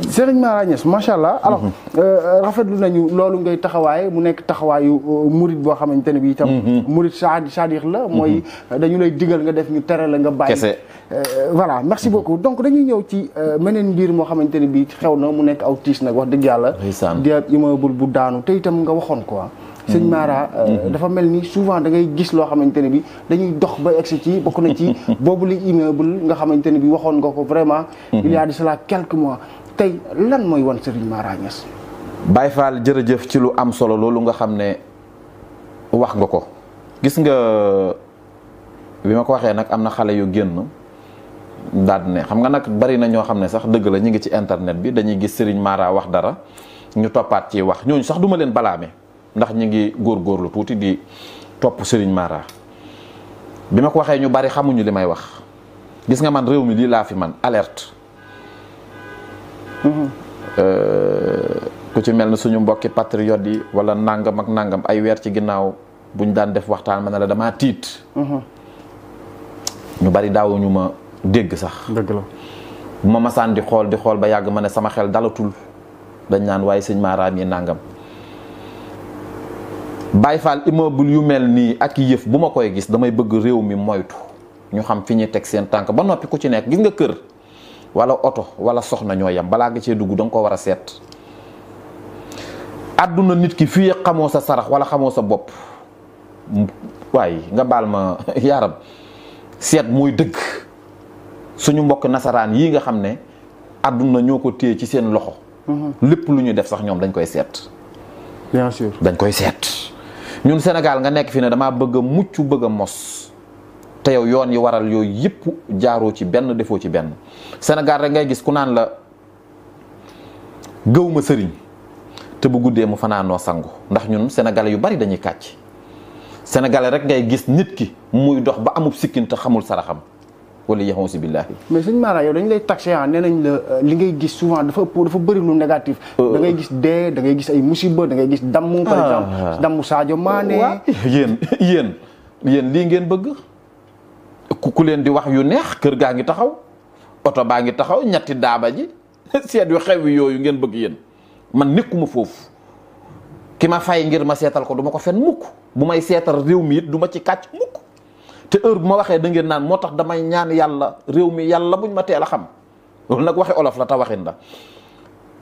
Serigne Mara Niass macha allah alors mhm. euh, rafetlu nañu loolu ngay taxawaay mu nekk taxawaayu euh, murit boo xamante ne bi itam mhm. murit saadix la mhm. mooy euh, dañu lay digal nga def ñu tere la nga bàyyi voilà merci beaucoup donc dañuy ñëw ci meneen mbir moo xamante ne bi xew na mu nekk aw tiis nag wax dëgg yàlla di ab immeuble bu daanu te itam nga waxoon quoi sëñ Mara dafa mel ni souvent da ngay gis loo xamante ne bi dañuy dox ba egsi ci bokk na ci boobu li immeuble nga xamante ne bi waxoon nga ko vraiment il y a mois tey lan mooy wan Serigne Mara Niass. Baye Fall jërëjëf ci lu am solo loolu nga xam ne wax nga ko gis nga bi ma ko waxee nag am na xale yu génn daal ne xam nga nag bari na ñoo xam ne sax dëgg la ñu ngi ci internet bi dañuy gis sëriñ maara wax dara ñu toppaat ci wax ñooñu sax duma leen balaame ndax ñu ngi góorgóorlu tuuti di topp sëriñ Mara bi ma ko waxee ñu bari xamuñu li may wax gis nga man réew mi lii laa fi man alerte. ku ci mel ni suñu mbokki patriote yi wala nangam ak nangam ay weer ci ginnaaw buñ daan def waxtaan ma ne la damaa tiit. ñu bari daawuñu ma dégg sax. dëgg la bu ma masaan di xool di xool ba yàgg ma ne sama xel dalatul dañ naan waaye sëñ maaraam yi nangam. Baye Fall immeuble yu mel nii ak yëf bu ma koy gis damay bëgg réew mi moytu ñu xam fi ñuy teg seen tànk ba noppi ku ci nekk gis nga kër. wala oto wala soxna ñoo yam balaa nga cee dugg danga nga ko war a seet àdduna nit ki fii xamoo sa sarax wala xamoo sa bopp waaye nga baal ma yaaram seet mooy dëgg suñu mbokk nasaraan yi nga xam ne àdduna ñoo ko téye ci seen loxo mm-hmm. lépp lu ñu def sax ñoom dañ koy seet bien dañ koy seet ñun Sénégal nga nekk fii ne damaa bëgg mucc bëgg a mos te yow yoon yi waral yooyu yëpp jaaroo ci benn defoo ci benn Sénégal rek ngay gis ku naan la gëw ma te bu guddee mu fanaanoo sangu ndax ñun sénégalais yu bari dañuy kàcc sénégalais rek ngay gis nit ki muy dox ba amub sikkin te xamul saraxam wala yaxoon si billaahi mais sëñ Mara yow dañ lay taxé ah nee nañ la euh, li ngay gis souvent dafa dafa bëri lu négatif. Euh, da ngay euh. gis dee dangay gis ay musiba da ngay gis dammu. par ah. exemple dammu Sadio Mané. yéen yéen lii ngeen bëgg. ku leen di wax yu neex kër gaa ngi taxaw oto baa ngi taxaw ñetti daaba ji seet yu xew yooyu ngeen bëgg yéen man nékkuma foofu ki ma fay ngir ma seetal ko du ko fen mukk bu may seetal réew mi it duma ci kàcc mukk te heure bu ma waxee da ngeen naan moo tax damay ñaan yàlla réew mi yàlla buñ ma teel a xam loolu nag waxe olof la te waxin la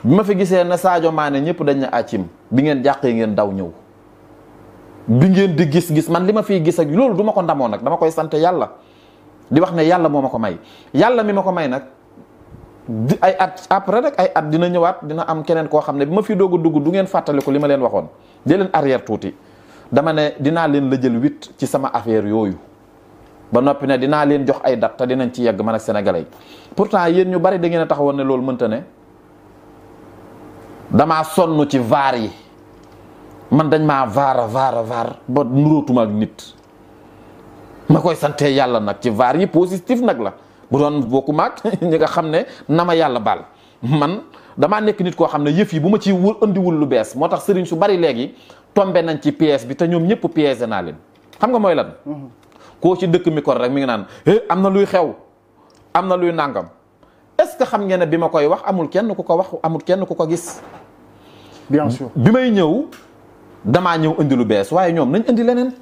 bi ma fi gisee ne Sadio Mané ñëpp dañ ne acim bi ngeen jàqee ngeen daw ñëw bi ngeen di gis-gis man li ma fiy gis ak loolu du ma ko ndamoo nag dama koy sant yàlla di wax ne yàlla moo ma ko may yàlla mi ma ko may nag di ay at après rek ay at dina ñëwaat dina am keneen koo xam ne bi ma fi doog a dugg du ngeen fàttaliku li ma leen waxoon dee leen arrière tuuti dama ne dinaa leen la jël huit ci sama affaire yooyu ba noppi ne dinaa leen jox ay dat te dinañ ci yegg man ak sénégalais yi pourtant yéen ñu bari da ngeen a taxawoon ne loolu mënta ne damaa sonn ci vaar yi man dañ maa vaara vaara vaar ba nuróotuma ak nit ma koy sante yàlla nag ci vaar yi positif nag la bu doon ku maag ñi nga xam ne na ma yàlla baal man damaa nekk nit koo xam ne yëf yi bu ma ci wul andiwul lu bees moo tax sëriñ su bari léegi tombe nañ ci pièce bi te ñoom ñëpp piège naa leen xam nga mooy lan mhm. koo ci dëkk mi kon rek mi ngi naan eh am na luy xew am na luy nàngam est-ce que xam ngee ne bi ma koy wax amul kenn ku ko wax amul kenn ku ko gis bien bi may ñëw damaa ñëw indi lu bees waaye ñoom nañ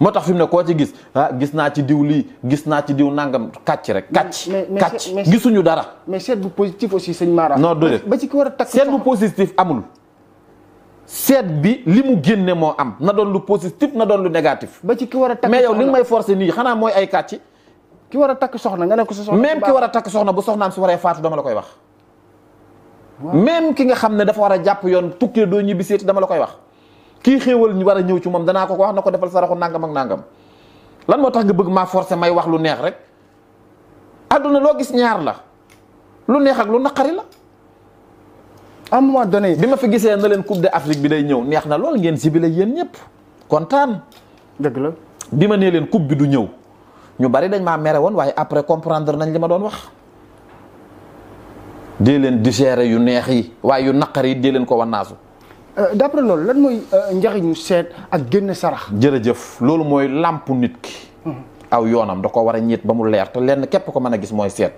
moo tax fi mu ne koo ci gis ah, gis naa ci diw lii gis naa ci diw nangam kàcc rek. kàcc kàcc gisuñu dara. mais seet bu positif aussi sëñ Mara. non déedéet ba ci war a takk seet bu positif amul. seet bi li mu génne moo am na doon lu positif na doon lu négatif. ba ci ki war a takk mais yow li nga may forcé nii xanaa mooy ay kacci ki war a takk soxna nga ne ko sa soxna. même ki war a takk soxna bu soxnaam su waree faatu dama la koy wax. même ki nga xam ne dafa war a jàpp yoon tukki doo ñibbi seeti dama la koy wax. kii xéewal ñu war a ñëw ci moom danaa ko ko wax na ko defal saraxu nangam ak nangam lan moo tax nga bëgg maa forcé may wax lu neex rek àdduna loo gis ñaar la lu neex ak lu naqari la. à un moment donné bi ma fi gisee na leen coupe d'Afrique bi day ñëw neex na lool ngeen sibile yéen ñëpp kontaan. dëgg la bi ma nee leen coupe bi du ñëw ñu bari dañ maa mere woon waaye après comprendre nañ li ma doon wax. dee leen digérer yu neex yi waaye yu naqari yi dee leen ko wannaasu Euh, d'après loolu lan mooy euh, njariñu seet ak génn sarax. jërëjëf loolu mooy làmp nit ki. Mm-hmm. aw yoonam da ko war a ñiit ba mu leer te lenn képp ko mën a gis mooy seet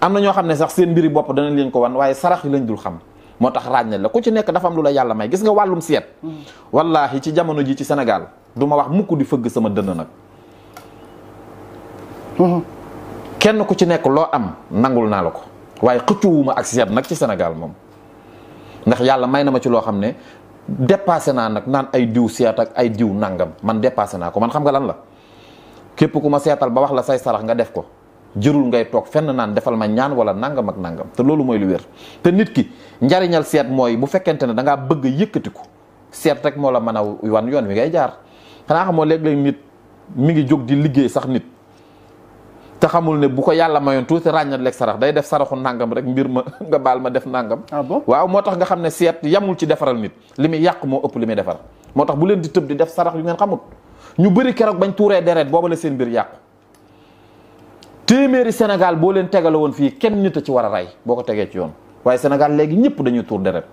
am na ñoo xam ne sax seen mbiri bopp danañ leen ko wan waaye sarax yi lañ dul xam moo tax raaj na la ko ci nekk dafa lu la yàlla may gis nga wàllum seet. Mm-hmm. wallaahi ci jamono ji ci Sénégal du ma wax mukk di fëgg sama dënn nag. Mm-hmm. kenn ku ci nekk loo am nangul naa la ko waaye xëccuwuma ak seet nag ci Sénégal moom. ndax yàlla may na ma ci loo xam ne dépassé naa nag naan ay diw seet ak ay diw nangam man dépassé naa ko man xam nga lan la képp ku ma seetal ba wax la say sarax nga def ko jërul ngay toog fenn naan defal ma ñaan wala nangam ak nangam te loolu mooy lu wér te nit ki njariñal seet mooy bu fekkente ne da ngaa bëgg a yëkkatiku seet rek moo la mën a wan yoon wi ngay jaar xanaa xamoo léeg-léeg nit mi ngi jóg di liggéey sax nit te xamul ne bu ko yàlla mayoon tuuti ràññat lekk sarax day def saraxu nàngam rek mbir ma nga baal ma def nàngam ah waaw moo tax nga xam ne seet yamul ci defaral nit li muy yàq moo ëpp li muy defar moo tax bu leen di tëb di def sarax yu ngeen xamut ñu bëri keroog bañ tuuree deret booba la seen mbir yàqu téeméeri Sénégal boo leen tegale woon fii kenn nit a ci war a rey boo ko tegee ci yoon waaye Sénégal léegi ñëpp dañuy tuur deret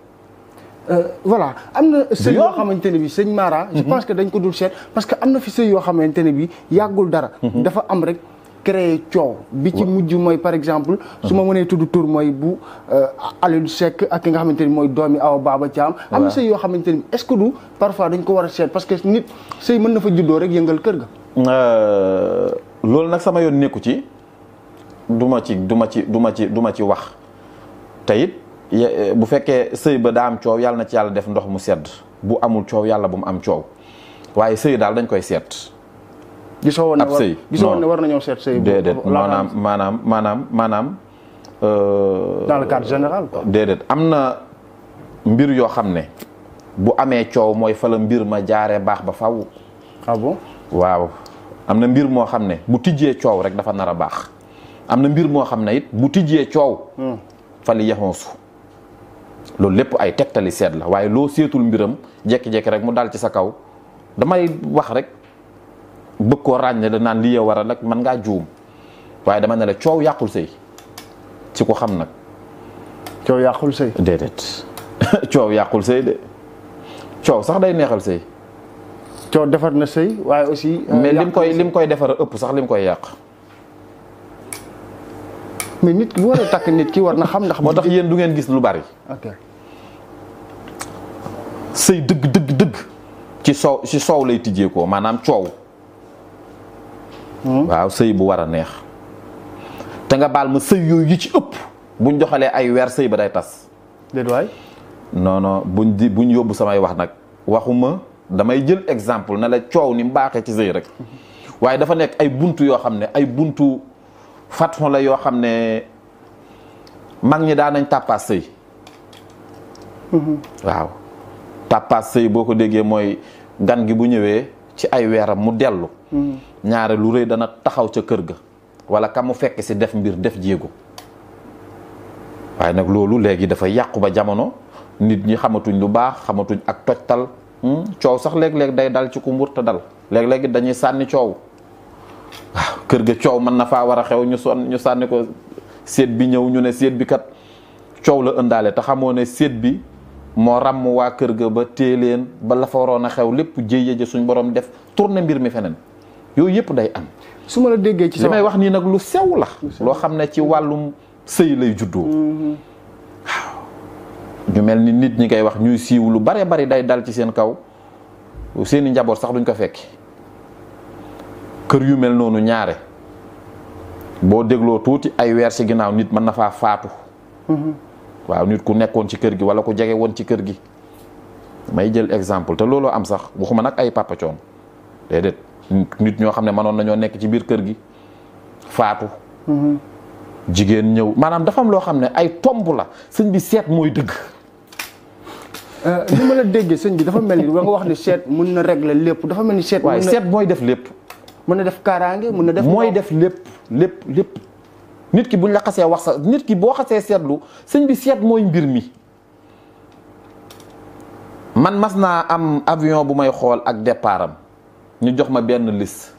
euh, voilà am na sëy yoo xamante ne bi sëñ Mara je mhm. dañ ko dul seet parce que am na fi sëy yoo xamante ne bi yàggul dara mhm. dafa am rek créer coow. bi ci mujj mooy par exemple. su ma uh-huh. mënee tudd tur mooy bu euh, Alioune Seck ak ki nga xamante ni mooy doomi Awa Baba Thiam. am sëy yoo xamante ni est-ce du parfois dañ ko war a seet parce que nit sëy mën na fa juddoo rek yëngal kër ga. Euh, loolu nag sama yoon nekku ci duma ci du ma ci du ma ci du ma ci wax te euh, bu fekkee sëy ba daa am coow yàlla na ci yàlla def ndox mu sedd bu amul coow yàlla bu mu am coow waaye sëy daal dañ koy seet. gisoo woon ne war gisoo war nañoo seet sëy. déedéet maanaam maanaam maanaam maanaam. Euh, dans le général quoi. am na mbir yoo xam ne bu amee coow mooy fa mbir ma jaaree baax ba faw ah bon waaw am na mbir moo xam ne bu tijjee coow rek dafa nar a baax am na mbir moo xam ne it bu tijjee coow. Hmm. fa li loolu lépp ay tegtali seet la waaye loo seetul mbiram jekki-jekki rek mu daal ci sa kaw damay wax rek. bëgg koo ràññe la naan li waral nag mën ngaa juum waaye dama ne la coow yàqul sëy ci ko xam nag. coow yàqul sëy. déedéet coow yàqul sëy de coow sax day neexal sëy. coow defar na sëy waaye aussi. Euh, mais lim koy lim koy defar ëpp sax lim koy yàq. nit ki war a takk nit ki war na xam ndax. moo tax yéen du ngeen gis lu bari. sëy dëgg dëgg dëgg. ci soow ci soow lay tijjee ko maanaam coow. Hmm? waaw sëy bu war a neex te nga baal ma sëy yooyu yi ci ëpp buñ joxalee ay weer sëy ba day tas déet waay buñ di buñ yóbbu samay wax nag waxuma damay jël exemple na la coow ni mbaaxee ci sëy rek waaye dafa nekk ay buntu yoo xam ne ay buntu faton la yoo xam ne mag ñi daan nañ tàppaas sëy hmm. waaw tàppaas sëy boo ko déggee mooy gan gi bu ñëwee ci ay weeram mu dellu hmm. ñaare lu rëy dana taxaw ca kër ga wala ka mu fekk si def mbir def jéego waaye nag loolu léegi dafa yàqu ba jamono nit ñi xamatuñ lu baax xamatuñ ak tojtal hmm? coow sax léeg-léeg day dal ci ku mburta dal léeg-léeg dañuy sànni coow waaw kër ga coow mën na faa war a xew ñu son ñu sànni ko seet bi ñëw ñu ne seet bi kat coow la ëndaale te xamoo ne seet bi moo ràmm waa kër ga ba téye leen ba la fa waroon a xew lépp jéye ja suñ borom def tourné mbir mi feneen yooyu yëpp day am. su ma la déggee ci li may wax nii nag lu sew la. loo xam ne ci wàllum sëy lay juddoo. Mm-hmm. waaw mel ni nit ñi koy wax ñuy siiw lu bare bari day dal ci seen kaw seeni njaboot sax duñ ko fekki kër yu mel noonu ñaare boo dégloo tuuti ay weer ci ginnaaw nit mën na faa faatu. Mm-hmm. waaw nit ku nekkoon ci kër gi wala ku jege woon ci kër gi may jël exemple te looloo am sax waxuma nag ay papa coon déedéet nit ñoo xam ne manoon nañoo nekk ci biir kër gi faatu. Mhm. jigéen ñëw maanaam dafa am loo xam ne ay tomb la sëñ bi seet mooy dëgg. li euh, ma la déggee sëñ bi dafa mel ni nga wax ne seet mun na régler lépp dafa ni seet. waaye seet mooy def lépp. mën na def kaaraange mën na def. mooy def lépp lépp lépp nit ki buñ la xasee wax sa nit ki boo xasee seetlu sëñ bi seet mooy mbir mi man mas naa am avion bu may xool ak départam ñu jox ma benn lis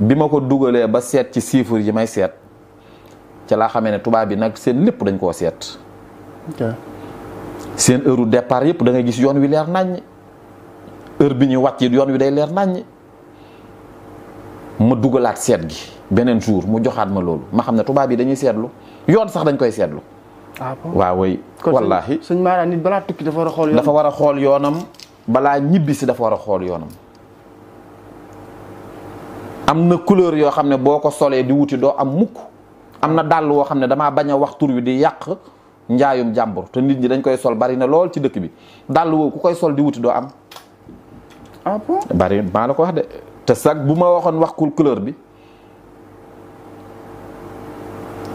bi ma ko dugalee ba seet ci chiffre yi may seet ca laa xamee ne tubaab bi nag seen lépp dañ koo seet seen heure u départ yëpp da ngay gis yoon wi leer naññ heure bi ñuy wàcc yoon wi day leer naññ ma dugalaat seet gi beneen jour mu joxaat ma loolu ma xam ne tubaab yi dañuy seetlu yoon sax dañ koy seetlu. Ah waaw way wallaahi sëñ Mara nit balaa dafa war a xool yoonam dafa war a xool yoonam balaa ñibbisi dafa war a xool yoonam. am na couleur yoo xam ne boo ko solee di wuti doo am mukk am na dàll woo xam ne damaa bañ a wax tur wi di yàq njaayum jàmbur te nit ñi dañ koy sol bari na lool ci dëkk bi dàll woo ku koy sol di wuti doo am. ah bon bari maa la ko wax de te sax bu ma waxoon wax couleur bi.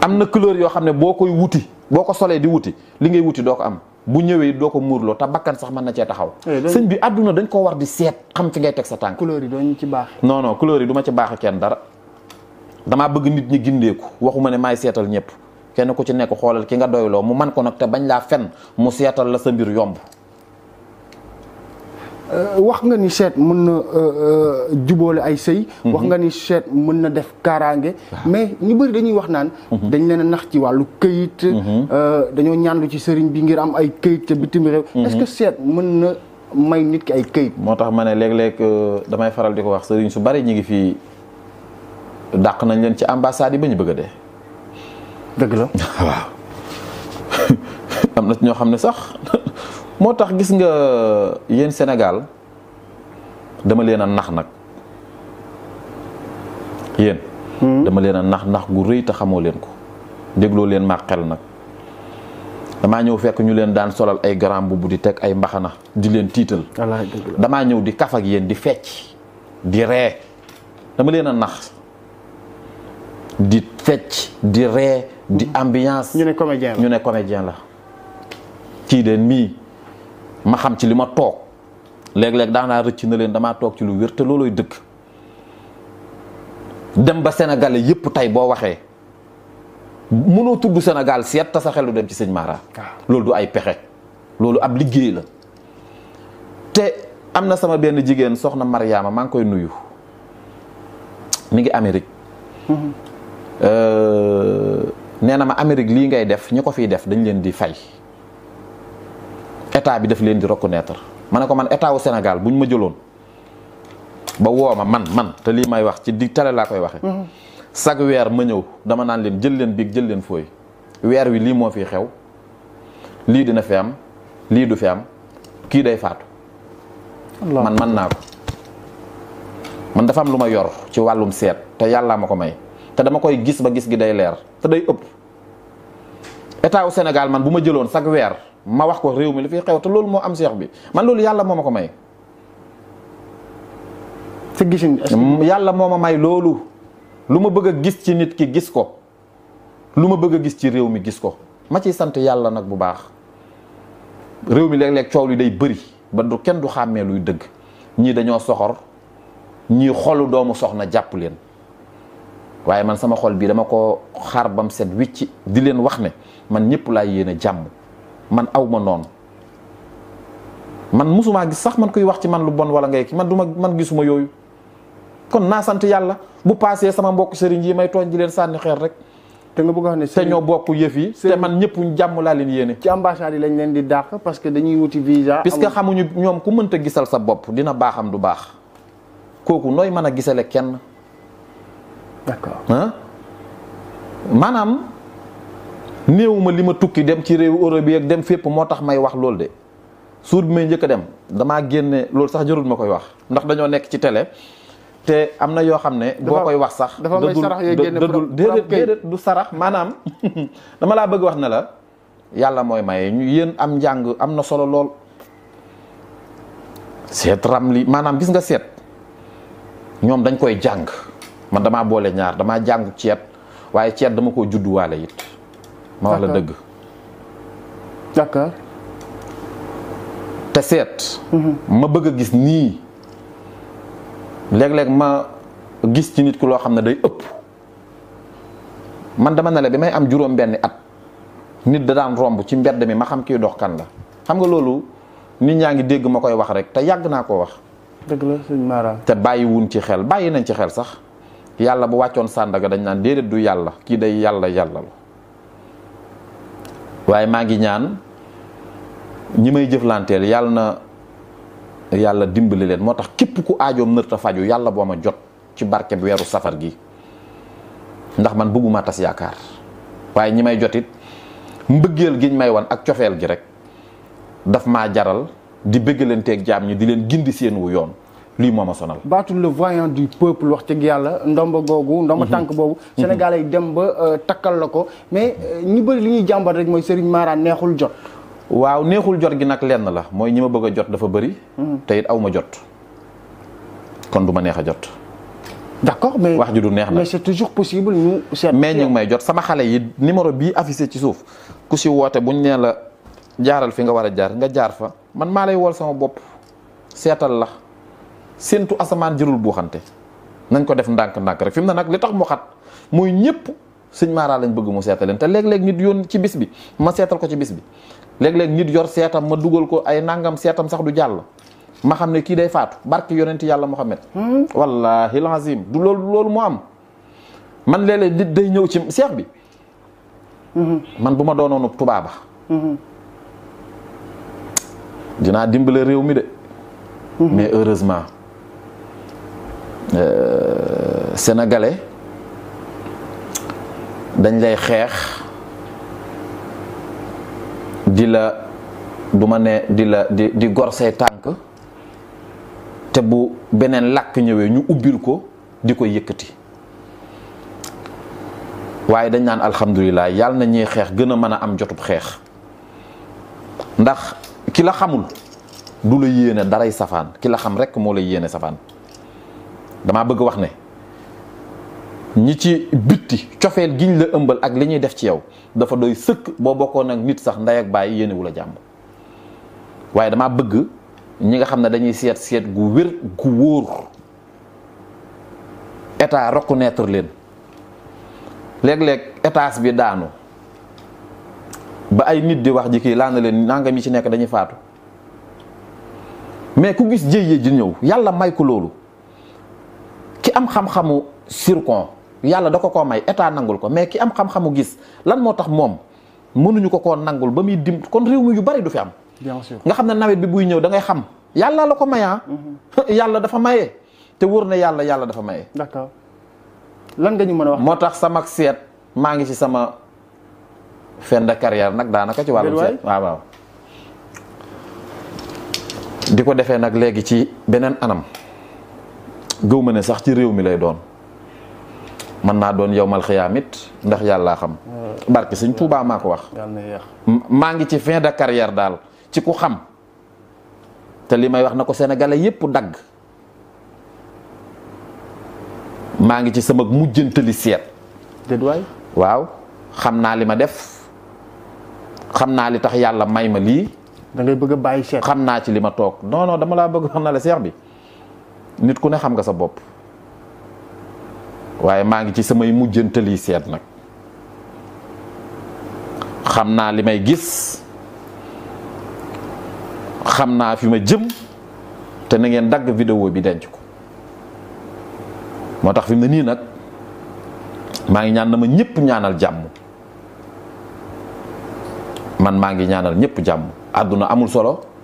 am na couleur yoo xam ne boo koy wuti boo ko solee di wuti li ngay wuti doo ko am bu ñëwee doo ko muurloo ta bakkan sax mën na cee taxaw. Eh, sëñ bi àdduna dañ koo war di seet xam fi ngay teg sa tànk. couleur yi doo ñu ci baax. non non yi duma ci baax kenn dara damaa bëgg nit ñi gindeeku waxuma ne maay seetal ñëpp kenn ku ci nekk xoolal ki nga doyloo mu man ko nag te bañ laa fen mu seetal la sa mbir yomb. Euh, wax nga ni seet mën na euh, euh, jubóole ay sëy. Mhm. wax nga ni seet mën na def kaaraange. mais ñu bëri dañuy wax naan. Mhm. dañ leen a nax ci wàllu këyit. Mhm. dañoo ñaanlu ci sëriñ bi ngir am ay këyit ca bitim réew. est-ce seet mën na may nit ki ay këyit. moo tax ma ne léeg-léeg damay faral di ko wax sëriñ su bari ñu ngi fii dàq nañ leen ci ambassade yi ba ñu bëgg a dee. la waaw am na ñoo xam ne sax. moo tax gis nga yéen Sénégal dama leen a nax nag yéen. Hmm? dama leen a nax nax gu rëy te xamoo leen ko dégloo leen ma nag damaa ñëw fekk ñu leen daan solal ay grand mbubb di teg ay mbaxana di leen tiital. damaa ñëw di kaf ak yéen di fecc di ree dama leen a nax di fecc di ree di hmm. ambiance. ñu ne comédien la ñu ne comédien la. kii mii ma xam ci li ma toog léeg-léeg daanaa rëcc na leen damaa toog ci lu wér te looloy dëkk dem ba sénégalais yépp tey boo waxee mënoo tudd senegal seet te sa xelu dem ci sëñ Mara loolu du ay pexe loolu ab liggéey la te am na sama benn jigéen soxna Mariama maa ngi koy nuyu mi ngi Amérique mhm. euh, nee na ma Amérique lii ngay def ñi ko fiy def dañ leen di fay état bi daf leen di reconnaître ma ne ko man état wu Sénégal bu ñu ma jëloon ba woo ma man man te lii may wax ci di tale laa koy waxe sag mhm. weer ma ñëw dama naan leen jël leen biig jël leen fooy weer wi lii moo fi xew lii dina fi am lii du fi am kii day faatu man man naa ko man dafa lu ma yor ci wàllum seet te yàllaa ma ko may te dama koy gis ba gis gi day leer te day ëpp état senegal man bu ma jëloon chaque weer ma wax ko réew mi li fi xew te loolu moo am seex bi man loolu yàlla moo ma ko may. sa gisin yàlla moo ma may loolu lu ma bëgg a gis ci nit ki gis ko lu ma bëgg a gis ci réew mi gis ko ma ciy sant yàlla nag bu baax réew mi léeg lekk coow li day bëri ba du kenn du xàmmee luy dëgg ñii dañoo soxor ñii xolu doomu soxna jàpp leen waaye man sama xol bii dama ko xar bam set wicci di leen wax ne. man ñëpp laa yéen a jàmm man aw ma noonu man musumaa gis sax man koy wax ci man lu bon wala ngay ki man duma man gisuma yooyu kon naa sant yàlla bu paasee sama mbokk sëriñ yi may tooñ ji leen sànni xeer rek te nga bëgg a xam ne ñoo bokk yëf yi te man ñëpp jàmm laa leen yéene ci ambassade yi lañ leen di dàq parce que dañuy wuti visa puisque xamuñu ñoom ku mënta gisal sa bopp dina baaxam du baax kooku nooy mën a gisale kenn maanaam néewuma li ma tukki dem ci réewu Europe yi dem fépp moo tax may wax loolu de suur bi may njëkk a dem damaa génne loolu sax jarul ma koy wax ndax dañoo nekk ci télé te am na yoo xam ne. boo koy wax sax. dafa may sarax yooyu génne déedéet déedéet du sarax maanaam dama laa bëgg wax ne la yàlla mooy may ñu yéen am njàng am na solo lool. seet ram li maanaam gis nga seet ñoom dañ koy jàng man damaa boole ñaar damaa jàng ceet waaye ceet dama koo judduwaale it. ma wax la dëgg. te seet. Mhm. ma bëgg a gis nii léeg-léeg ma gis ci nit ku loo xam ne day ëpp man dama ne la bi may am juróom-benni at nit da daan romb ci mbedd mi ma xam kii dox kan la xam nga loolu nit ñaa ngi dégg ma koy wax rek te yàgg naa ko wax. dëgg la te bàyyiwuñ ci xel bàyyi nañ ci xel sax yàlla bu wàccoon sàndaga dañ naan déedéet du yàlla kii day yàlla yàlla la. waaye maa ngi ñaan ñi may jëflanteel yàlla na yàlla dimbali leen moo tax képp ku aajoom nër ta faju yàlla boo ma jot ci barkeb weeru safar gi ndax man bëgguma tas yaakaar waaye ñi may jotit mbëggeel giñ may wan ak cofeel gi rek dafa ma jaral di bëggalanteeg jaam ñi di leen gindi seen wu yoon lii moom ma sonal. baatu le voyant du peuple wax dëgg yàlla ndomba googu. ndomba mhm. tànk boobu. Mhm. Sénégalais yi dem ba euh, takkal la ko mais euh, ñu bëri li ñuy jàmbat rek mooy Serigne Mara neexul jot. waaw neexul jot gi nag lenn la mooy ñi bëgg a jot dafa bëri. Mhm. tey it aw ma jot kon duma neex a jot. d'accord mais wax ji du neex na mais c'est toujours ñu seet. mais ñu ngi may jot sama xale yi numéro bii affiché ci suuf ku si woote buñ nee la jaaral fi nga war a jaar nga jaar fa man maa lay wol sama bopp seetal la. séentu asamaan jërul buuxante nañ ko def ndànk-ndànk rek fi mu ne nag li tax mu xat mooy ñëpp sëñ Mara lañ bëgg mu seetal leen te léeg-léeg nit yoon ci bis bi ma seetal ko ci bis bi léeg-léeg nit yor seetam ma dugal ko ay nangam seetam sax du jàll ma xam ne kii day faatu barke yonenti yàlla Muhammad hmm? wallahi lazim du loolu loolu moo am man léeg-léeg day ñëw ci seex bi hmm. man bu ma doonoonu tubaaba hmm. dinaa dimbale réew mi de mais heureusement Euh, senegale dañ lay xeex di la bu ma di la di di gor tànk te bu beneen làkk ñëwee ñu ubbil ko di ko yëkkati waaye dañ naan alhamdulilah yàlla na ñuy xeex gën a mën a am jotub xeex ndax ki la xamul du la yéene daray safaan ki la xam rekk moo lay yéene safaan damaa bëgg wax ne ñi ci bitti cofeel giñ la ëmbal ak li ñuy def ci yow dafa doy sëkk boo bokkoon ak nit sax ndey ak bàyyi yéene a la waaye damaa bëgg ñi nga xam ne dañuy seet seet gu wér gu wóor état reconnaître leen léeg-léeg état bi daanu ba ay nit di wax ji kii laa na leen nangam yi ci nekk dañuy faatu mais ku gis jéye ji ñëw yàlla may ko loolu. am xam-xamu surcon yàlla da ko koo may état nangul ko mais ki am xam-xamu gis lan moo tax moom mënuñu ko koo nangul ba muy dim kon réew mi yu bari du fi am. bien nga xam ne nawet bi buy ñëw da ngay xam yàlla la ko mayaa. Ah. Mm-hmm. yàlla dafa maye te wóor na yàlla yàlla dafa maye. d'accord nga ñu mën a moo tax sama seet maa ngi si sama fin de carrière nag daanaka ci wàllu seet waaw waaw. di ko defee nag léegi ci beneen anam. gëw ma ne sax ci réew mi lay doon mën naa doon yow mal xiyaamit ndax yàllaa xam euh, barke sëñ Tuubaa maa ko wax maa ngi ci fin de carrière daal ci ku xam te li may wax na ko sénégalais yépp dagg maa ngi ci sama mujjantali seet déedwaay waaw xam naa li ma def xam naa li tax yàlla may ma lii da ngay bàyyi seet xam naa ci li ma toog non dama laa bëgg wax na la seex bi nit ku ne xam nga sa bopp waaye maa ngi ci samay mujjantali seet nag xam naa li may gis xam naa fi ma jëm te na ngeen dagg vidéo bi denc ko moo tax fi mu nii nag maa ngi ñaan na ma ñëpp ñaanal jàmm man maa ngi ñaanal ñépp jàmm àdduna amul solo